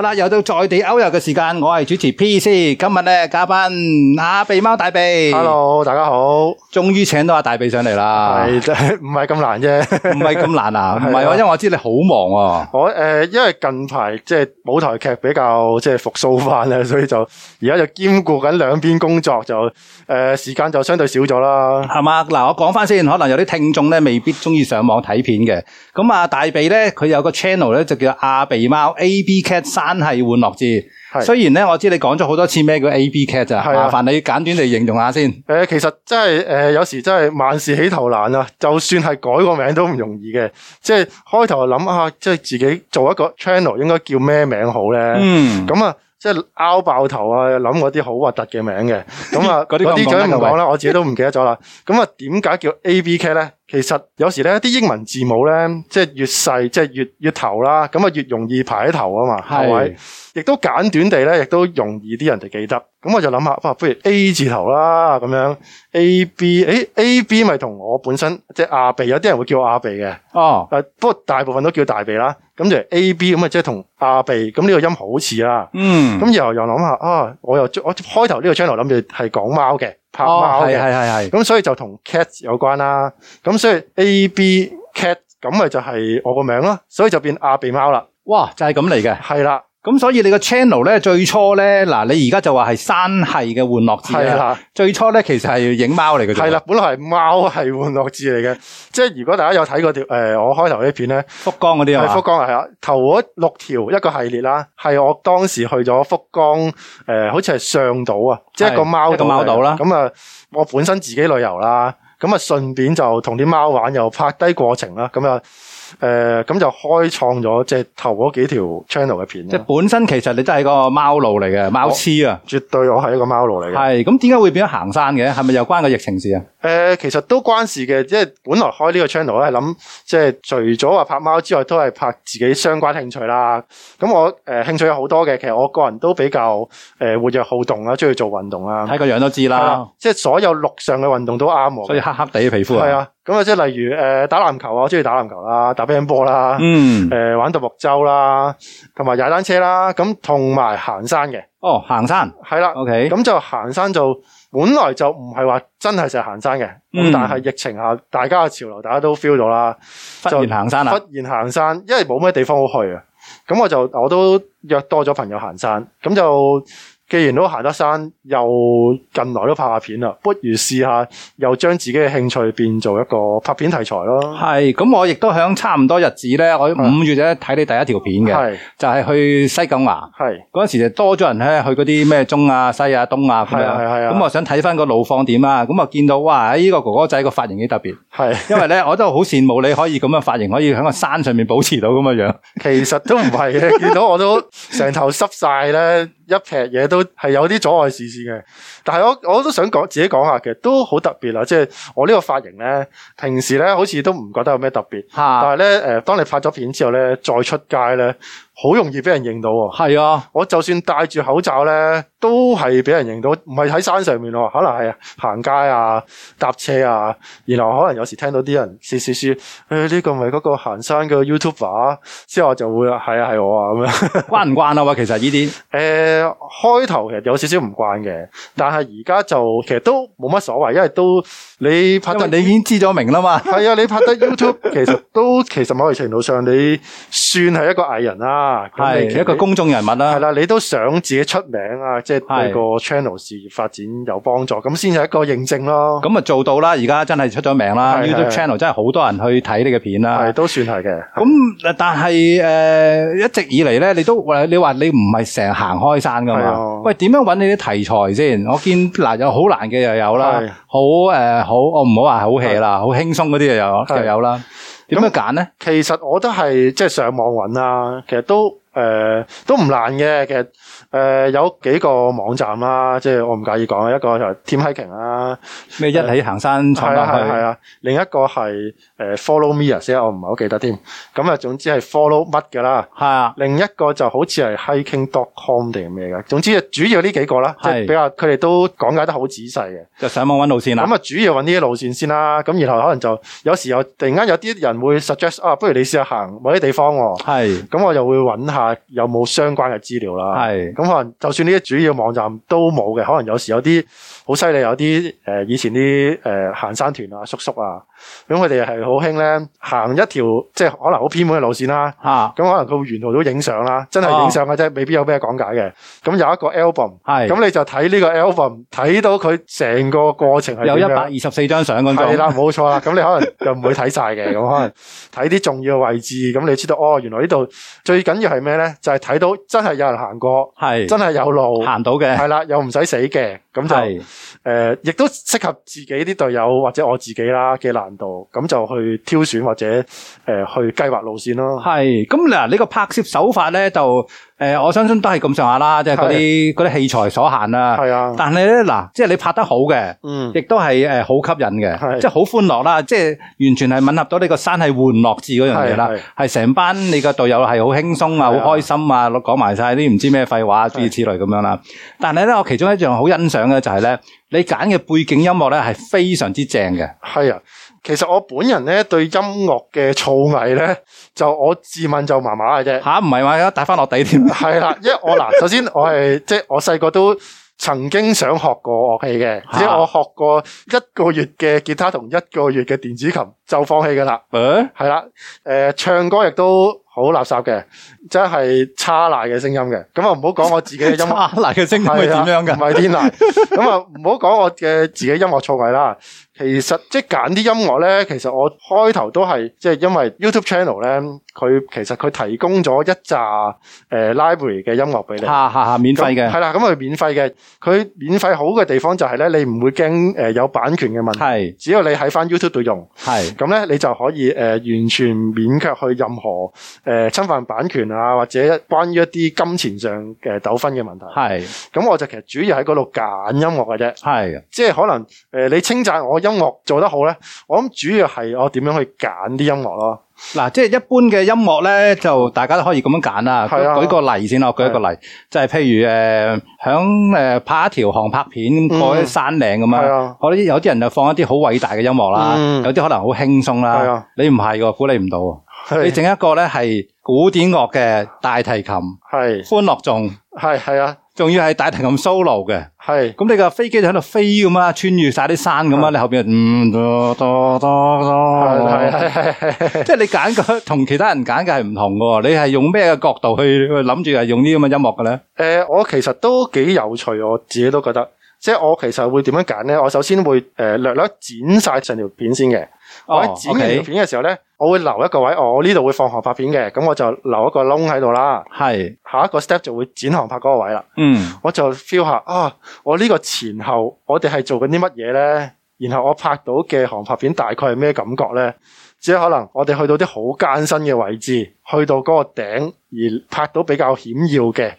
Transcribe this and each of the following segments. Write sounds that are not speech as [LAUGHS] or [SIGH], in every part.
好啦，又到在地 Out 遊嘅時間，我係主持 P C，今日咧，嘉賓阿鼻貓大鼻。Hello，大家好，終於請到阿大鼻上嚟啦。係，唔係咁難啫？唔係咁難啊？唔係喎，因為我知你好忙喎。我誒，因為近排即係舞台劇比較即係復甦翻啦，所以就而家就兼顧緊兩邊工作，就誒時間就相對少咗啦。係嘛？嗱，我講翻先，可能有啲聽眾咧未必中意上網睇片嘅。咁啊，大鼻咧，佢有個 channel 咧，就叫阿鼻貓 A B Cat 三，真係玩樂誌，雖然咧，我知你講咗好多次咩叫 ABCat 啊的，麻煩你簡短地形容下先。誒、呃，其實真係誒、呃，有時真係萬事起頭難啊，就算係改個名都唔容易嘅，即係開頭就諗下，即係自己做一個 channel 應該叫咩名好咧？嗯，咁啊，即係拗爆頭啊，諗嗰啲好核突嘅名嘅，咁啊，嗰啲咁樣唔講啦， [LAUGHS] 我自己都唔記得咗啦。咁啊，點解叫 ABCat 咧？其實有時咧，啲英文字母咧，即係越細，即係越越頭啦，咁啊越容易排喺頭啊嘛，係咪是？亦都簡短地咧，亦都容易啲人哋記得。咁我就諗下，不如 A 字頭啦咁樣，A B，誒 A B 咪同我本身即係、就是、阿鼻，有啲人會叫我阿鼻嘅。哦，不過大部分都叫大鼻啦。咁就 A B，咁啊即係同阿鼻，咁呢個音好似啦。嗯。咁然後又諗下，啊我又我開頭呢個 channel 諗住係講貓嘅。拍貓係，係係係，咁所以就同 cat 有關啦，咁所以 ABCat 咁咪就係我個名咯，所以就變阿鼻貓啦，哇就係咁嚟嘅，係啦。咁所以你個 channel 咧最初咧嗱，你而家就話係山係嘅玩樂誌啊。係啦的，最初咧其實係影貓嚟嘅。係啦，本來係貓係玩樂誌嚟嘅。即係如果大家有睇過條誒、呃，我開頭啲片咧，福岡嗰啲啊。福岡係啊，頭嗰六條一個系列啦，係我當時去咗福岡誒、呃，好似係上島啊，即係個貓島個貓島啦。咁啊的，我本身自己旅遊啦，咁啊順便就同啲貓玩又拍低過程啦，咁啊。誒，咁、呃、就開創咗即係頭嗰幾條 channel 嘅片，即係本身其實你真係個貓奴嚟嘅，貓痴我癡啊，絕對我係一個貓奴嚟嘅。係，咁點解會變咗行山嘅？係咪又關個疫情事啊？誒、呃，其實都關事嘅，即係本來開個頻道呢個 channel，我係諗即係除咗話拍貓之外，都係拍自己相關興趣啦。咁我誒、呃、興趣有好多嘅，其實我個人都比較誒、呃、活躍好動，動、啊、啦，中意做運動啦。睇個樣都知啦，即係所有陸上嘅運動都啱我，所以黑黑地嘅皮膚啊。咁啊，即係例如，誒、呃，打籃球啊，我中意打籃球啦，打乒乓波啦，誒、呃，玩獨木舟啦，同埋踩單車啦，咁同埋行山嘅。哦，行山係啦。O K，咁就行山就本來就唔係話真係成日行山嘅，咁、嗯、但係疫情下，大家嘅潮流，大家都 feel 咗啦，忽然行山啦。忽然行山，因為冇咩地方好去啊，咁我就我都約多咗朋友行山，咁就。既然都行得山，又近來都拍下片啦，不如試下又將自己嘅興趣變做一個拍片題材咯。係，咁我亦都響差唔多日子咧，我五月啫睇你第一條片嘅。是就係去西貢牙。係嗰是時就多咗人咧，去嗰啲咩中啊西啊東啊咁是樣。係係係啊！咁我想睇翻個路況點啊！咁啊見到哇，呢、這個哥哥仔個髮型幾特別。係是，因為咧我都好羨慕你可以咁樣髮型可以喺個山上面保持到咁嘅樣，樣。其實都唔係嘅，見 [LAUGHS] 到我都成頭濕晒咧。一劈嘢都係有啲阻礙視線嘅，但係我我都想講自己講下，其實都好特別啦。即係我呢個髮型咧，平時咧好似都唔覺得有咩特別，是的 但係咧誒，當你拍咗片之後咧，再出街咧。好容易俾人認到喎，係啊！我就算戴住口罩咧，都係俾人認到。唔係喺山上面咯，可能係行街啊、搭車啊，然後可能有時聽到啲人試試試，誒、哎、呢、這個咪嗰個行山嘅 YouTuber 啊，之後就會係啊係我啊咁樣。慣唔慣啊？其實呢啲誒，開頭其實有少少唔慣嘅，但係而家就其實都冇乜所謂，因為都你拍得你已經知咗名啦嘛。係啊，你拍得 YouTube 其實都其實某程度上你算係一個藝人啦。啊，係一個公眾人物啦，係啦，你都想自己出名啊，即係對個 channel 事業發展有幫助，咁先有一個認證咯。咁啊，做到啦，而家真係出咗名啦，YouTube channel 真係好多人去睇你嘅片啦，係都算係嘅。咁但係誒，一直以嚟咧，你都喂，你話你唔係成日行開山噶嘛？喂，點樣揾你啲題材先？我見難有好難嘅，又有啦，好誒好，我唔好話好 hea 啦，好輕鬆嗰啲又有又有啦。咁咪揀咧？呢其實我都係即係上網揾啦、啊，其實都誒、呃、都唔難嘅，其實。誒、呃，有幾個網站啦、啊，即係我唔介意講，一個就係 team hiking 啦、啊，咩一起行山，係係係啊。另一個係誒、呃、follow me 啊，而家我唔係好記得添。咁、嗯、啊，總之係 follow 乜噶啦。係啊。另一個就好似係 hiking.com 定係咩嘅，總之啊，主要呢幾個啦，是即係比較佢哋都講解得好仔細嘅。是就上網揾路線啦。咁啊，主要揾呢啲路線先啦。咁是然後可能就有時又突然間有啲人會 suggest，啊，不如你試下行某啲地方喎、哦。係是。咁我又會揾下有冇相關嘅資料啦。係。咁可能就算呢啲主要網站都冇嘅，可能有時有啲好犀利，有啲誒以前啲誒、呃、行山團啊，叔叔啊。咁佢哋係好興咧，行一條即係可能好偏門嘅路線啦。咁可能佢會沿途都影相啦，真係影相嘅啫，未必有咩講解嘅。咁有一個 album，咁你就睇呢個 album，睇到佢成個過程係點樣。有一百二十四張相嗰種。係啦，冇錯啦。咁你可能就唔會睇晒嘅，咁可能睇啲重要嘅位置。咁你知道，哦，原來呢度最緊要係咩咧？就係睇到真係有人行過，係真係有路行到嘅，係啦，又唔使死嘅，咁就誒，亦都適合自己啲隊友或者我自己啦，幾難。度咁就去挑選或者誒、呃、去計劃路線咯。係，咁嗱呢個拍攝手法咧就。誒，我相信都係咁上下啦，即係嗰啲嗰啲器材所限啦。係啊，啊但係咧嗱，即係你拍得好嘅，嗯，亦都係好吸引嘅、啊，即係好歡樂啦，即係完全係吻合到呢個山系玩樂誌嗰樣嘢啦，係成是班你個隊友係好輕鬆啊，好、啊、開心啊，攞講埋晒啲唔知咩廢話諸如此類咁樣啦。但係咧，我其中一樣好欣賞嘅就係、是、咧，你揀嘅背景音樂咧係非常之正嘅。係啊，其實我本人咧對音樂嘅造詣咧，就我自問就麻麻嘅啫。吓、啊，唔係嘛，而家帶翻落地添。係啦，因為我嗱，首先我係即係我細個都曾經想學過樂器嘅，只係、啊、我學過一個月嘅吉他同一個月嘅電子琴就放棄噶啦。誒、啊，係啦，誒、呃，唱歌亦都好垃圾嘅，真係差爛嘅聲音嘅。咁啊，唔好講我自己嘅音樂差爛嘅聲音係點樣嘅，唔係天籟。咁啊，唔好講我嘅自己音樂錯位啦。其實即係揀啲音樂咧，其實我開頭都係即係因為 YouTube channel 咧，佢其實佢提供咗一紮誒、呃、library 嘅音樂俾你。下 [LAUGHS] 免費嘅的。係啦，咁佢免費嘅，佢免費好嘅地方就係、是、咧，你唔會驚誒、呃、有版權嘅問題。是的 只要你喺翻 YouTube 度用。係。咁咧，你就可以誒、呃、完全免卻去任何誒、呃、侵犯版權啊，或者關於一啲金錢上嘅糾紛嘅問題。係。咁我就其實主要喺嗰度揀音樂嘅啫。係。是的 即係可能誒、呃，你稱讚我音。音樂做得好咧，我諗主要係我點樣去揀啲音樂咯。嗱、啊，即係一般嘅音樂咧，就大家都可以咁樣揀啦。是啊、舉個例先啦，舉一個例，是啊、就係譬如誒，響、呃、誒拍一條航拍片，過山嶺咁、嗯、樣是啊，我啲有啲人就放一啲好偉大嘅音樂啦，嗯、有啲可能好輕鬆啦。是啊、你唔係噶，估你唔到。是啊、你整一個咧係古典樂嘅大提琴，係是、啊、歡樂頌，係係啊。啊仲要係大庭咁 solo 嘅，係，咁你個飛機就喺度飛咁啊，穿越曬啲山咁啊，你後邊嗯哆哆哆哆，係係係，即係你揀嘅同其他人揀嘅係唔同㗎喎，你係用咩嘅角度去諗住係用呢咁嘅音樂嘅咧？誒，我其實都幾有趣，我自己都覺得，即係我其實會點樣揀咧？我首先會誒略略剪曬成條片先嘅。我喺剪片嘅時候咧，oh, okay 我會留一個位，我呢度會放航拍片嘅，咁我就留一個窿喺度啦。係是下一個 step 就會剪航拍嗰個位啦。嗯，我就 feel 下啊，我呢個前後我哋係做緊啲乜嘢咧？然後我拍到嘅航拍片大概係咩感覺咧？只係可能我哋去到啲好艱辛嘅位置，去到嗰個頂而拍到比較險要嘅。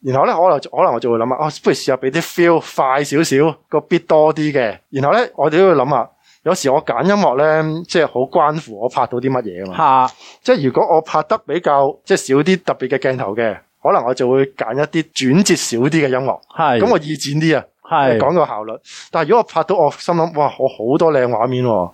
然後咧，可能可能我就會諗啊，不如試下俾啲 feel 快少少，個 beat 多啲嘅。然後咧，我哋都會諗下。有時我揀音樂咧，即係好關乎我拍到啲乜嘢啊嘛。吓的，即係如果我拍得比較即係少啲特別嘅鏡頭嘅，可能我就會揀一啲轉折少啲嘅音樂。係的，咁我易剪啲啊。係的，講個效率。但係如果我拍到我心諗，哇，我好多靚畫面、啊，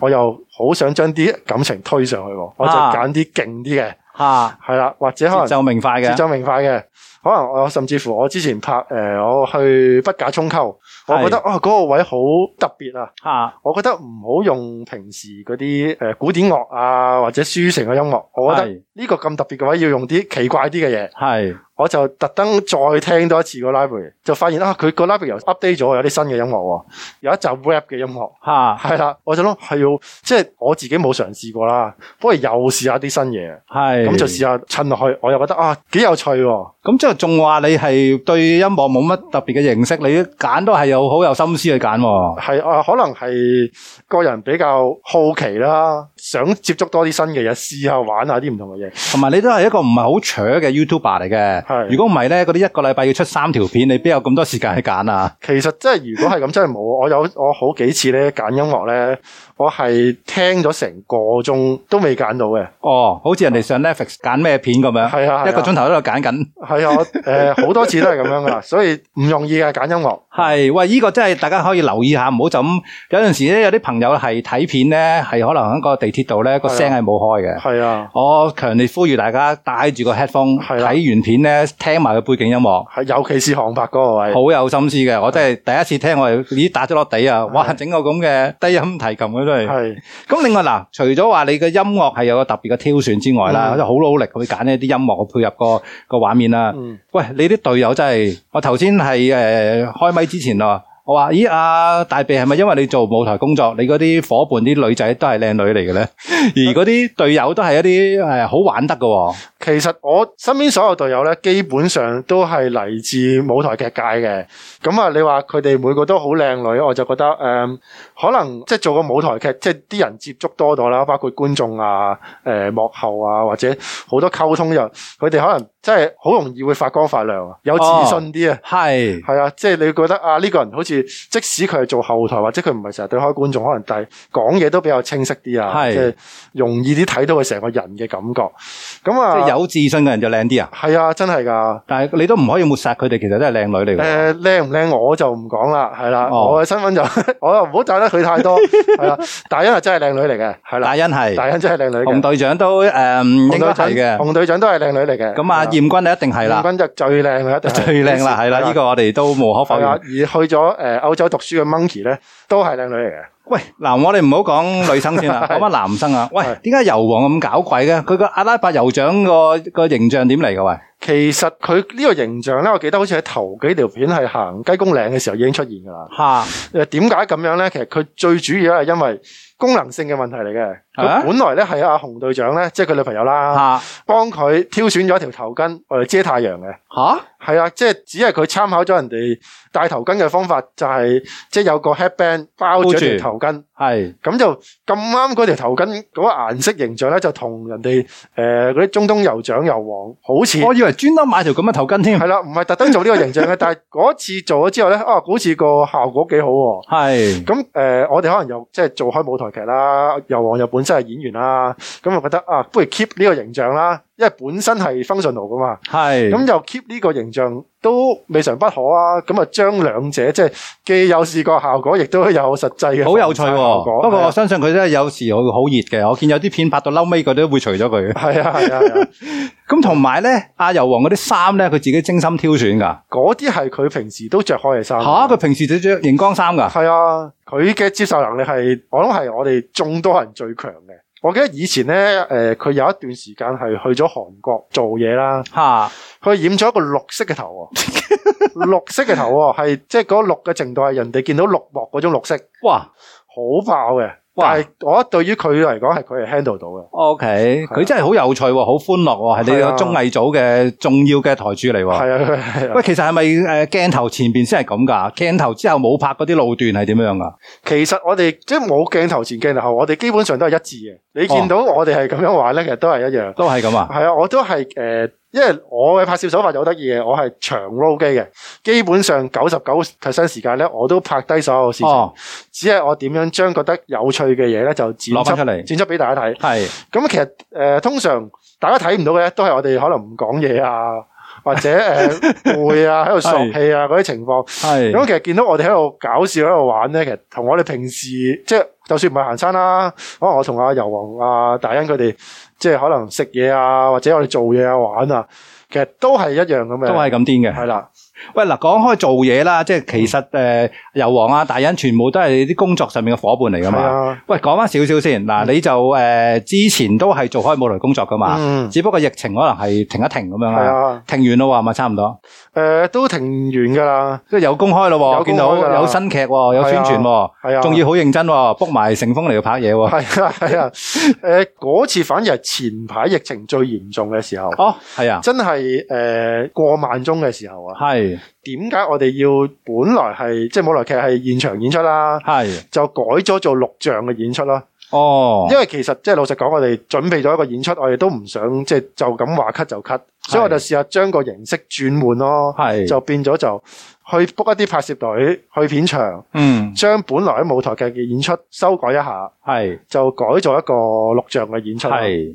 我又好想將啲感情推上去，的我就揀啲勁啲嘅。吓的，係啦，或者可能就,就明快嘅，節奏明快嘅。可能我甚至乎我之前拍誒、呃，我去北假沖溝。我覺得是哦，嗰個位好特別啊！吓哈，我覺得唔好用平時嗰啲誒古典樂啊或者抒情嘅音樂，我覺得呢個咁特別嘅位要用啲奇怪啲嘅嘢。係。我就特登再聽多一次個 library，就發現啊，佢個 library 又 update 咗，有啲新嘅音樂喎，有一集 rap 嘅音樂吓，係啦、啊，我就諗係要即係我自己冇嘗試過啦，不過又試下啲新嘢，咁就試下襯落去，我又覺得啊幾有趣喎、哦，咁即係仲話你係對音樂冇乜特別嘅認識，你揀都係有好有心思去揀喎、哦，係啊，可能係個人比較好奇啦，想接觸多啲新嘅嘢，試下玩下啲唔同嘅嘢，同埋你都係一個唔係好 chur 嘅 YouTuber 嚟嘅。係，如果唔係咧，嗰啲一個禮拜要出三條片，你邊有咁多時間去揀啊？其實真係，如果係咁，真係冇。我有我好幾次咧揀音樂咧，我係聽咗成個鐘都未揀到嘅。哦，好似人哋上 Netflix 揀咩片咁樣，係啊，啊一個鐘頭喺度揀緊。係啊，誒好、啊呃、多次都係咁樣噶啦， [LAUGHS] 所以唔容易啊。揀音樂。係，喂，呢、這個真、就、係、是、大家可以留意下，唔好就咁。有陣時咧，有啲朋友係睇片咧，係可能喺個地鐵度咧個聲係冇開嘅。係啊，啊啊我強烈呼籲大家戴住個 headphone 睇、啊、完片咧。聽埋個背景音樂，係尤其是航拍嗰個位，好有心思嘅。我真係第一次聽，我係已打咗落地啊！哇，整個咁嘅低音提琴嗰啲係。咁另外嗱，除咗話你嘅音樂係有個特別嘅挑選之外啦，我就好努力去揀呢啲音樂去配合個個畫面啦。喂，你啲隊友真係，我頭先係誒開咪之前啊。我話：咦，阿、啊、大鼻係咪因為你做舞台工作，你嗰啲伙伴啲女仔都係靚女嚟嘅咧？ [LAUGHS] 而嗰啲隊友都係一啲、嗯、好玩得嘅喎、哦。其實我身邊所有隊友咧，基本上都係嚟自舞台劇界嘅。咁、嗯、啊，你話佢哋每個都好靚女，我就覺得誒。嗯可能即係做個舞台劇，即係啲人接觸多咗啦，包括觀眾啊、誒、呃、幕後啊，或者好多溝通。又佢哋可能真係好容易會發光發亮，有自信啲、哦、啊。係係啊，即係你覺得啊，呢、呢個人好似即使佢係做後台，或者佢唔係成日對開觀眾，可能但係講嘢都比較清晰啲啊，即係是容易啲睇到佢成個人嘅感覺，咁啊，即係有自信嘅人就靚啲啊。係啊，真係㗎。但係你都唔可以抹殺佢哋，其實都係靚女嚟嘅。誒靚唔靚我就唔講啦，係啦、啊，哦、我嘅身份就 [LAUGHS] 我又唔好佢太多係啦，大欣係真係靚女嚟嘅，係啦。大欣係，大欣真係靚女。洪隊長都誒應該係嘅，洪隊長都係靚女嚟嘅。咁啊，艷君咧一定係啦。艷君就最靚啦，一定最靚啦，係啦。呢個我哋都無可否認。而去咗誒歐洲讀書嘅 Monkey 咧，都係靚女嚟嘅。喂，嗱，我哋唔好講女生先啦，講翻男生啊。喂，點解油王咁搞鬼嘅？佢個阿拉伯酋長個個形象點嚟嘅喂？其實佢呢個形象咧，我記得好似喺頭幾條片係行雞公嶺嘅時候已經出現噶啦。吓，誒，點解咁樣咧？其實佢最主要咧係因為。功能性嘅問題嚟嘅，本來咧係阿洪隊長咧，即係佢女朋友啦，幫佢挑選咗一條頭巾嚟遮太陽嘅。吓、啊，係啦、啊，即係只係佢參考咗人哋戴頭巾嘅方法，就係即係有個 headband 包住條頭巾，係咁就咁啱嗰條頭巾嗰個顏色形象咧，就同人哋誒嗰啲中東酋長又黃，好似我以為專登買條咁嘅頭巾添。係啦、啊，唔係特登做呢個形象嘅， [LAUGHS] 但係嗰次做咗之後咧，哦、啊，好似個效果幾好、啊。係咁誒，我哋可能又即係做開舞台劇啦，又王又本身係演員啦、啊，咁我覺得啊，不如 keep 呢個形象啦。因為本身係 functional 噶嘛，咁就是 keep 呢個形象都未嘗不可啊！咁啊，將兩者即係既有視覺效果，亦都有實際嘅，好有趣、啊。不過、啊、我相信佢真係有時會好熱嘅。啊、我見有啲片拍到嬲尾，佢都會除咗佢。係啊係啊，咁同埋咧，阿、啊、 [LAUGHS] 油王嗰啲衫咧，佢自己精心挑選噶。嗰啲係佢平時都着開嘅衫。吓、啊，佢平時就着熒光衫噶。係啊，佢嘅接受能力係，我諗係我哋眾多人最強嘅。我記得以前咧，誒、呃、佢有一段時間係去咗韓國做嘢啦，佢哈染咗一個綠色嘅頭喎、哦， [LAUGHS] 綠色嘅頭喎、哦，係即係嗰綠嘅程度係人哋見到綠幕嗰種綠色，哇，好爆嘅！但我對於佢嚟講係佢係 handle 到嘅。O K，佢真係好有趣喎，好、啊、歡樂喎，係你個綜藝組嘅重要嘅台柱嚟喎。係啊，喂、啊，啊啊、其實係咪誒鏡頭前面先係咁㗎？鏡頭之後冇拍嗰啲路段係點樣㗎？其實我哋即係冇鏡頭前鏡頭後，我哋基本上都係一致嘅。你見到我哋係咁樣玩呢，其實都係一樣。都係咁啊？係啊，我都係即係我嘅拍攝手法就好得意嘅，我係長 low 機嘅，基本上九十九 percent 時間咧，我都拍低所有事情，哦、只係我點樣將覺得有趣嘅嘢咧就展出嚟，出展出俾大家睇。係咁是，其實誒、呃、通常大家睇唔到嘅都係我哋可能唔講嘢啊，或者誒攰、 [LAUGHS] 呃、啊，喺度索氣啊嗰啲是情況。係咁是，其實見到我哋喺度搞笑喺度玩咧，其實同我哋平時即係就算唔係行山啦、啊，可能我同阿游王啊、啊大欣佢哋。即係可能食嘢啊，或者我哋做嘢啊、玩啊，其實都係一樣咁樣。都係咁癲嘅，係啦。喂，嗱，講開做嘢啦，即係其實誒，油王啊、大人全部都係啲工作上面嘅伙伴嚟噶嘛。喂，講翻少少先，嗱，你就誒之前都係做開舞台工作噶嘛，只不過疫情可能係停一停咁樣，停完啦話嘛，係咪？差唔多。誒，都停完噶啦，即係有公開咯，我見到有新劇，有宣傳，係啊，仲要好認真，book 埋成風嚟度拍嘢。係啊係啊，誒，嗰次反而係前排疫情最嚴重嘅時候，哦，係啊，真係誒過萬宗嘅時候啊，係。點解我哋要本來係即係舞台劇係現場演出啦？係是就改咗做錄像嘅演出啦！哦，因為其實即係老實講，我哋準備咗一個演出，我哋都唔想即係就咁話咳就咳，是所以我哋試下將個形式轉換咯。係是就變咗就去 book 一啲拍攝隊去片場，嗯，將本來喺舞台劇嘅演出修改一下，係是就改做一個錄像嘅演出。係。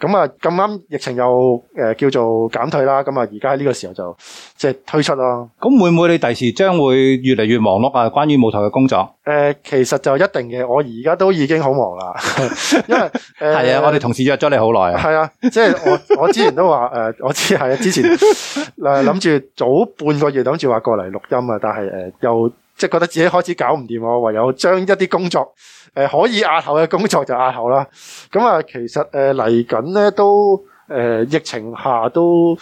咁啊，咁啱疫情又誒叫做減退啦，咁啊而家喺呢個時候就即係推出咯。咁會唔會你第時將會越嚟越忙碌？啊，關於舞台嘅工作誒，其實就一定嘅。我而家都已經好忙啦，因為係啊，我哋同事約咗你好耐。係啊，即係我我之前都話誒，我知係啊之前誒諗住早半個月諗住話過嚟錄音啊，但係誒又即係覺得自己開始搞唔掂我，唯有將一啲工作。誒、呃、可以押後嘅工作就押後啦。咁、嗯、啊，其實誒嚟緊呢都誒、呃、疫情下都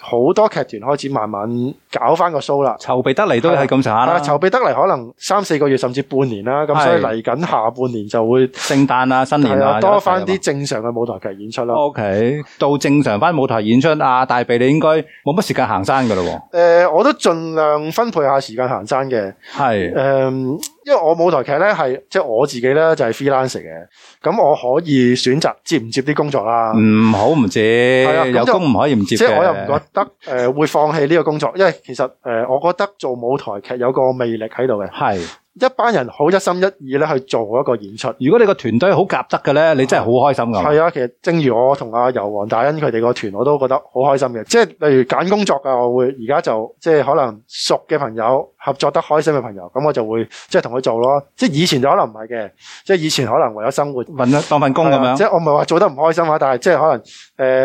好多劇團開始慢慢。搞翻個 show 啦，籌備得嚟都係咁上下啦。籌、啊、備得嚟可能三四個月甚至半年啦，咁所以嚟緊下，下半年就會聖誕啊、新年啦、啊啊、多翻啲正常嘅舞台劇演出咯。OK，到正常翻舞台演出啊，大鼻你應該冇乜時間行山噶咯、啊。誒、呃，我都盡量分配下時間行山嘅。係誒是、呃，因為我舞台劇咧係即係我自己咧就係、是、freelance 嘅，咁我可以選擇接唔接啲工作啦。唔好唔接，啊、有工唔可以唔接。即係我又唔覺得誒、呃、會放棄呢個工作，因為。其實誒，我覺得做舞台劇有個魅力喺度嘅。係。一班人好一心一意咧去做一個演出。如果你個團隊好夾得嘅咧，你真係好開心噶。係啊，啊，其實正如我同阿游黃大恩佢哋個團，我都覺得好開心嘅。即係例如揀工作啊，我會而家就即係可能熟嘅朋友合作得開心嘅朋友，咁我就會即係同佢做咯。即係以前就可能唔係嘅，即係以前可能為咗生活揾當份工咁樣。啊、即係我唔係話做得唔開心啊，但係即係可能誒、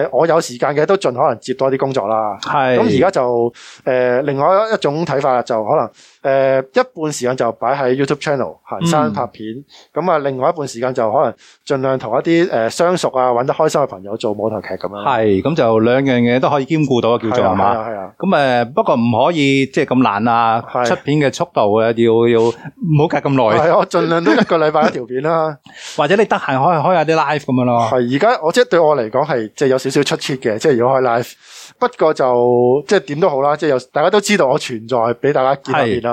呃，我有時間嘅都盡可能接多啲工作啦。係咁而家就誒、呃，另外一種睇法就可能。誒、呃、一半時間就擺喺 YouTube channel 行山拍片，咁啊，另外一半時間就可能盡量同一啲誒相熟啊、玩得開心嘅朋友做舞台劇咁樣。係，咁就兩樣嘢都可以兼顧到，叫做係嘛？咁誒、呃、不過唔可以即係咁懶啊，是啊出片嘅速度要要啊，要要唔好隔咁耐。係我盡量都一個禮拜一條片啦。 [LAUGHS] 或者你得閒可以開下啲 live 咁樣咯、啊。係，而家我即係對我嚟講係即係有少少出竅嘅，即係如果開 live，不過就即係點都好啦，即係有大家都知道我存在，俾大家見一見啦。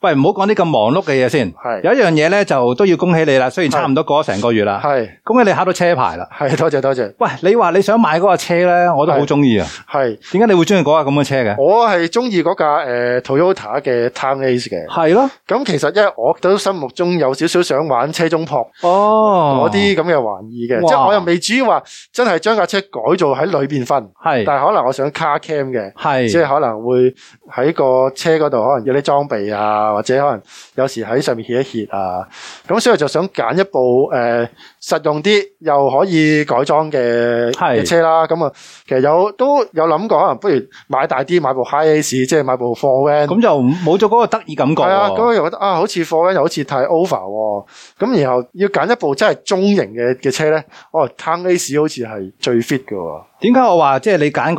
喂，唔好講啲咁忙碌嘅嘢先。係有一樣嘢咧，就都要恭喜你啦。雖然差唔多過咗成個月啦。係恭喜你考到車牌啦。係多謝多謝。喂，你話你想買嗰架車咧，我都好中意啊。係點解你會中意嗰架咁嘅車嘅？我係中意嗰架誒 Toyota 嘅 Town Ace 嘅。係咯。咁其實，因為我都心目中有少少想玩車中撲哦，嗰啲咁嘅玩意嘅。即係我又未至於話真係將架車改造喺裏邊瞓。係。但係可能我想 car cam 嘅。係。即係可能會喺個車嗰度可能有啲裝備啊。或者可能有時喺上面歇一歇啊，咁所以就想揀一部誒。呃實用啲又可以改裝嘅嘅是車啦，咁啊其實有都有諗過，可能不如買大啲，買部 High Ace 即係買部貨 Van 咁就冇咗嗰個得意感覺。係啊，咁又覺得啊，好似貨 Van 又好似太 Over 喎。咁、啊、然後要揀一部真係中型嘅嘅車咧，哦，Town Ace 好似係最 fit 喎。點解我話即係你揀嗰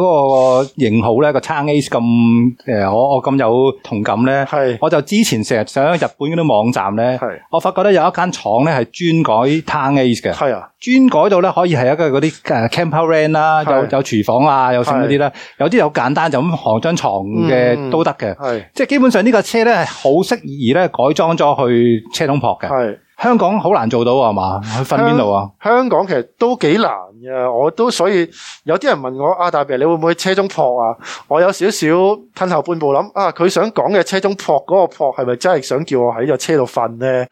個型號咧，這個 Town Ace 咁、呃、我我咁有同感咧？是我就之前成日上日本嗰啲網站咧，是我發覺咧，有一間廠咧係專改 Town Ace。係啊，專改到咧可以係一個嗰啲誒 campervan 啦，有有廚房啊，有啊，有剩嗰啲啦，有啲有簡單，就咁行張床嘅都得嘅。係，即係基本上呢個車咧係好適宜咧改裝咗去車中泊嘅、啊。係，香港好難做到啊嘛，去瞓邊度啊？香港其實都幾難嘅，我都所以有啲人問我啊大鼻，你會唔會去車中泊啊？我有少少褪後半步諗啊，佢想講嘅車中泊嗰、嗰個泊係咪真係想叫我喺個車度瞓咧？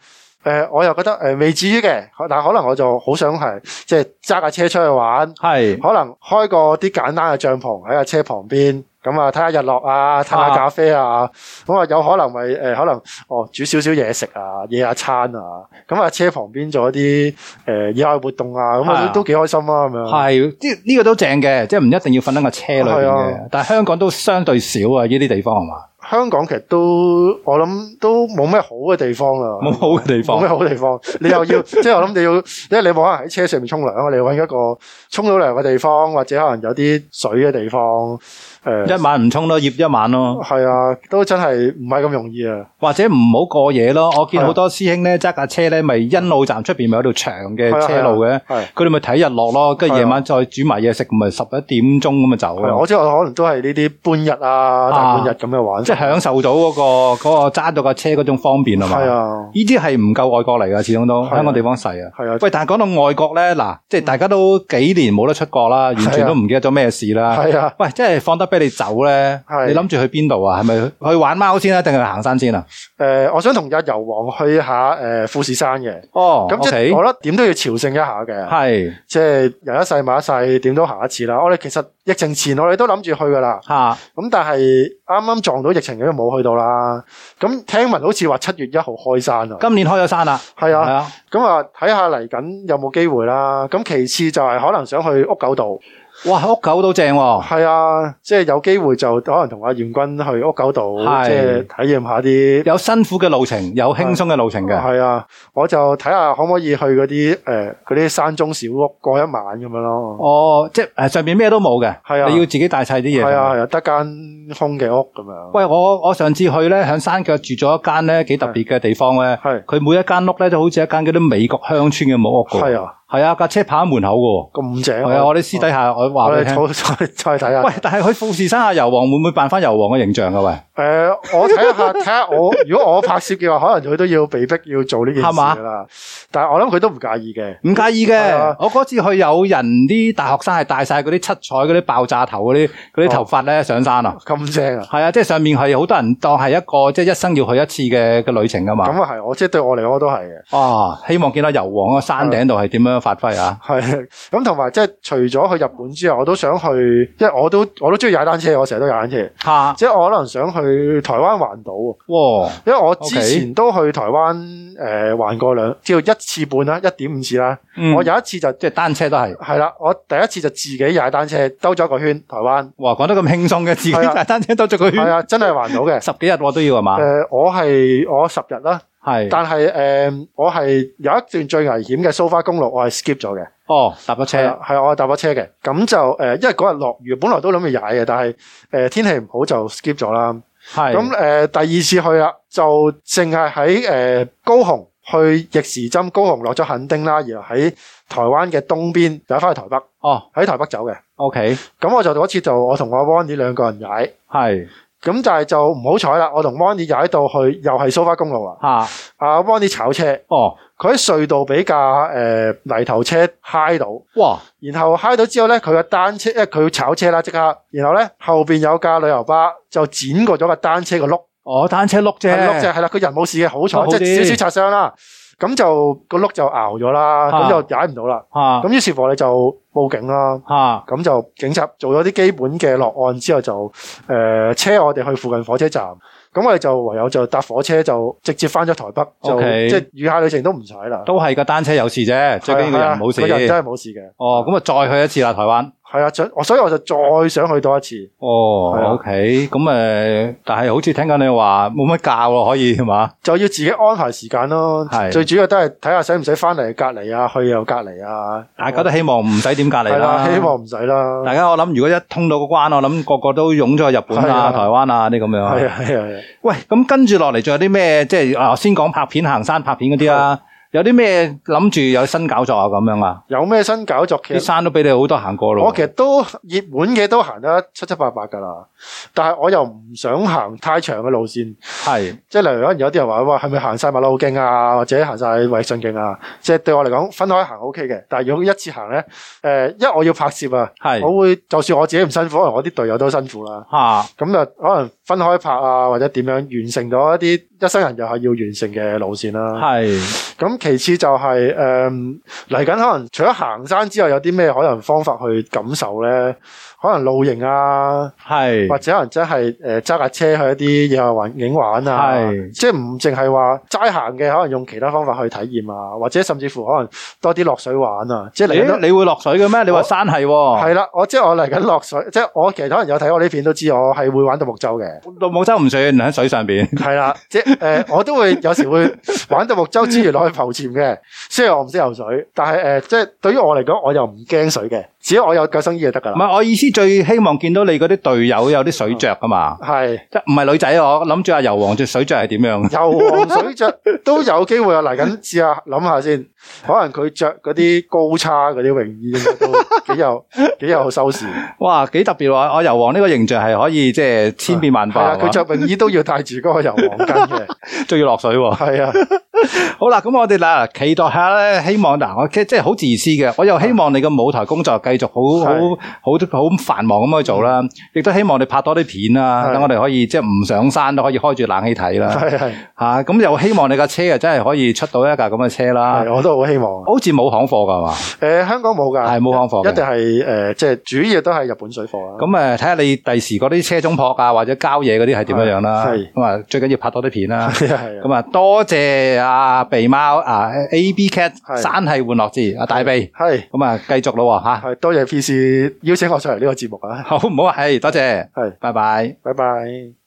誒、呃，我又覺得誒、呃、未至於嘅。但可能我就好想係即係揸架車出去玩，係是、啊、可能開個啲簡單嘅帳篷喺架車旁邊，咁啊睇下日落啊，睇下咖啡啊，咁啊有可能咪、呃、可能哦煮少少嘢食啊，野下餐啊，咁啊車旁邊做一啲誒野外活動啊，咁啊都幾開心啊，咁樣係，啲呢個都正嘅，即係唔一定要瞓喺架車裏邊是、啊、但香港都相對少啊呢啲地方係嘛？香港其實都我諗都冇咩好嘅地方啦，冇好嘅地方，冇咩好地方。你又要即係 [LAUGHS] 我諗你要，因為你冇可能喺車上面沖涼，你要揾一個沖到涼嘅地方，或者可能有啲水嘅地方。一晚唔沖咯，醃一晚咯。係啊，都真係唔係咁容易啊。或者唔好過夜咯，我見好多師兄咧揸架車咧，咪恩路站出面咪有條長嘅車路嘅，佢哋咪睇日落咯，跟住夜晚再煮埋嘢食，咪十一點鐘咁啊走。我即係可能都係呢啲半日啊，半日咁嘅玩。即係享受到嗰個嗰個揸到架車嗰種方便啊嘛？呢啲係唔夠外國嚟啊，始終都香港地方細啊。係啊，喂，但係講到外國咧，嗱，即係大家都幾年冇得出國啦，完全都唔記得咗咩事啦。係啊，喂，即係放得。你走咧？是你諗住去邊度啊？係咪去玩貓先啊？定係行山先啊？誒、呃，我想同日游王去一下誒、呃、富士山嘅。哦，即係 okay? 我覺得點都要朝聖一下嘅。係是，即係人一世馬一,一世，點都行一次啦。我哋其實疫情前我哋都諗住去噶啦。吓、啊，咁但係啱啱撞到疫情有，咁樣冇去到啦。咁聽聞好似話七月一號開山啊？今年開咗山啦？係啊，係啊。咁啊，睇下嚟緊有冇機會啦。咁其次就係可能想去屋久島。哇！屋狗都正喎，係啊，即係有機會就可能同阿彥君去屋狗度，是即係體驗下啲有辛苦嘅路程，有輕鬆嘅路程嘅。係啊，啊，我就睇下可唔可以去嗰啲誒，嗰，呃、啲山中小屋過一晚咁樣咯。哦，即係誒上面咩都冇嘅，是啊、你要自己帶晒啲嘢。係啊，得間嗎空嘅屋咁樣。喂，我我上次去咧，喺山腳住咗一間咧，幾特別嘅地方咧。係。佢每一間屋咧，就好似一間嗰啲美國鄉村嘅木屋。係啊。係啊，架車跑喺門口嘅，咁正。係啊，我哋私底下我話你坐我再睇下。喂，但係佢富士山下游王會唔會扮翻游王嘅形象嘅、啊、喂？誒、呃，我睇下睇下， [LAUGHS] 睇下我如果我拍攝嘅話，可能佢都要被逼要做呢件事啦。係咪？但係我諗佢都唔介意嘅，唔介意嘅。啊、我嗰次去有人啲大學生係戴晒嗰啲七彩嗰啲爆炸頭嗰啲嗰啲頭髮咧、哦、上山啊，咁正啊！係啊，即係上面係好多人當係一個即係、即係、一生要去一次嘅嘅旅程啊嘛。咁啊係，我即係對我嚟講都係啊，希望見到游王個山頂度係點樣？發揮啊，係咁同埋，即係除咗去日本之外，我都想去，即、就、係、是、我都我都中意踩單車，我成日都踩單車。吓哈，即係我可能想去台灣環島。哇，因為我之前 okay? 都去台灣誒環過兩，叫一次半啦，一點五次啦。嗯、我有一次就即係單車都係，係啦，我第一次就自己踩單車兜咗個圈台灣。哇，講得咁輕鬆嘅，自己踩單車兜咗個圈，係啊的，真係環島嘅，十幾日我都要係嘛。誒、呃，我係我十日啦。係，是但係誒、呃，我係有一段最危險嘅蘇花公路我是、哦是是，我係 skip 咗嘅。哦，搭咗車，係我係搭咗車嘅。咁就誒，因為嗰日落雨，本來都諗住踩嘅，但係誒、呃、天氣唔好就 skip 咗啦。係是，咁誒、呃、第二次去啦，就淨係喺誒高雄去逆時針，高雄落咗墾丁啦，然後喺台灣嘅東邊就翻去台北。哦，喺台北走嘅。OK，咁我就嗰次就我同我 Wanley 呢兩個人踩。係。咁就係就唔好彩啦！我同 Moni 又喺度去，又係蘇花公路啊！吓、啊，阿 Moni 炒車，哦，佢喺隧道俾架誒、呃、泥頭車揩到，哇！然後揩到之後咧，佢嘅單車，因為佢炒車啦，即刻，然後咧後邊有架旅遊巴就剪過咗個單車個碌，哦，單車碌啫，係啦，佢人冇事嘅，好彩，即係少少擦傷啦。咁就個轆就拗咗啦，咁、啊、就踩唔到啦。咁、啊、於是乎你就報警啦。咁、啊、就警察做咗啲基本嘅落案之後就誒車、呃、我哋去附近火車站。咁我哋就唯有就搭火車就直接翻咗台北，okay，就即係、就是、餘下旅程都唔踩啦。都係架單車有事啫，的最緊要個人冇事。那個、人真係冇事嘅。哦，咁啊再去一次啦，台灣。係啊，所以我就再想去多一次。哦、啊、OK，咁誒，但係好似聽緊你話冇乜教喎，可以係嘛？就要自己安排時間咯。係、啊，最主要都係睇下使唔使翻嚟隔離啊，去又隔離啊。大家都希望唔使點隔離啦、啊啊，希望唔使啦。大家我諗如果一通到個關，我諗個個都湧咗去日本啊、台灣啊啲咁樣。係啊係啊係啊。喂，咁跟住落嚟仲有啲咩？即係啊，先講拍片行山拍片嗰啲啊。有啲咩諗住有新搞作啊？咁樣啊？有咩新搞作？其實山都俾你好多行過咯。我其實都熱門嘅都行得七七八八噶啦，但係我又唔想行太長嘅路線。係即係例如，可能，有啲人話哇，係咪行晒麥理浩徑啊，或者行晒衞奕信徑啊？即係對我嚟講，分開行 O K 嘅。但係如果一次行咧，誒，因為我要拍攝啊，我會就算我自己唔辛苦，可能我啲隊友都辛苦啦。吓咁就，可能分開拍啊，或者點樣完成咗一啲一生人又係要完成嘅路線啦。係咁。其次就係誒，嚟緊可能除咗行山之外，有啲咩可能方法去感受咧？可能露營啊，係是 或者可能真係誒揸架車去一啲野外環境玩啊，是 即係唔淨係話齋行嘅，可能用其他方法去體驗啊，或者甚至乎可能多啲落水玩啊，即係你你會落水嘅咩？你話山係係啦，我即係我嚟緊落水，即係我其實可能有睇我呢片都知，我係會玩獨木舟嘅，獨木舟唔算喺水上邊，係啦，即係誒、呃，我都會有時會玩獨木舟之餘落去跑浮潛嘅，雖然我唔識游水，但係誒、呃，即係對於我嚟講，我又唔驚水嘅，只要我有救生衣就得噶啦。唔係，我意思最希望見到你嗰啲隊友有啲水着㗎嘛？係、嗯，唔係女仔我諗住阿游王着水着係點樣？游王水着都有機會啊！嚟緊 [LAUGHS] 試下諗下先，可能佢着嗰啲高叉嗰啲泳衣都幾有幾 [LAUGHS] 有收視。哇，幾特別喎！我游王呢個形象係可以即係千變萬化。佢着、嗯啊、泳衣都要戴住嗰個游王巾嘅，仲 [LAUGHS] 要落水。係啊。好啦，咁我哋嗱，期待下咧，希望嗱，我即係好自私嘅，我又希望你個舞台工作繼續好好好好繁忙咁去做啦，亦都希望你拍多啲片啦，等我哋可以即係唔上山都可以開住冷氣睇啦，吓，咁又希望你架車啊，真係可以出到一架咁嘅車啦，我都好希望，好似冇行貨噶係嘛，誒香港冇噶係冇行貨，一定係誒即係主要都係日本水貨啦，咁誒睇下你第時嗰啲車中泊啊或者交野嗰啲係點樣樣啦，咁啊最緊要拍多啲片啦，咁啊多謝阿鼻貓啊，A B Cat 山是係玩樂誌啊大鼻，係咁啊繼續咯吓、啊，係多謝 P C 邀請我出嚟呢個節目啊，好唔好啊？係多謝，係是，拜拜，拜拜。